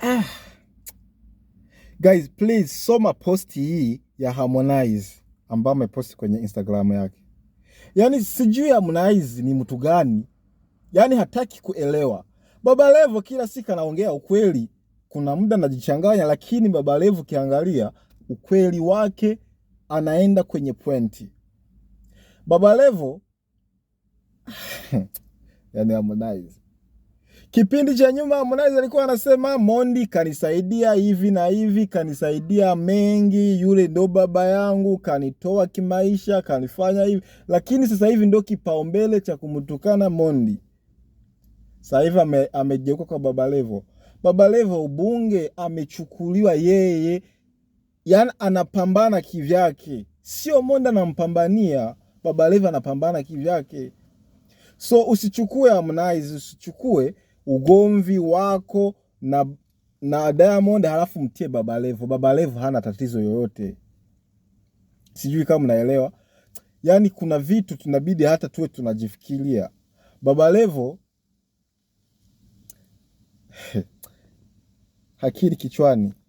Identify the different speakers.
Speaker 1: Ah. Guys, please soma posti hii ya Harmonize ambayo ameposti kwenye Instagram yake. Yaani sijui Harmonize ni mtu gani, yaani hataki kuelewa. Baba Levo kila siku anaongea ukweli, kuna muda anajichanganya, lakini Baba Levo kiangalia ukweli wake, anaenda kwenye pointi. Baba Levo yaani Harmonize Kipindi cha nyuma Harmonize alikuwa anasema Mondi kanisaidia hivi na hivi, kanisaidia mengi, yule ndo baba yangu, kanitoa kimaisha, kanifanya hivi. Lakini sasa hivi ndo kipaumbele cha kumtukana Mondi. Sasa hivi ame, amejeuka kwa Baba Levo. Baba Levo ubunge amechukuliwa yeye, yani anapambana kivyake, sio Mondi anampambania. Baba Levo anapambana kivyake, so usichukue Harmonize, usichukue ugomvi wako na, na Diamond halafu mtie Baba Levo. Baba Levo hana tatizo yoyote, sijui kama mnaelewa. Yaani kuna vitu tunabidi hata tuwe tunajifikiria. Baba Levo hakili kichwani.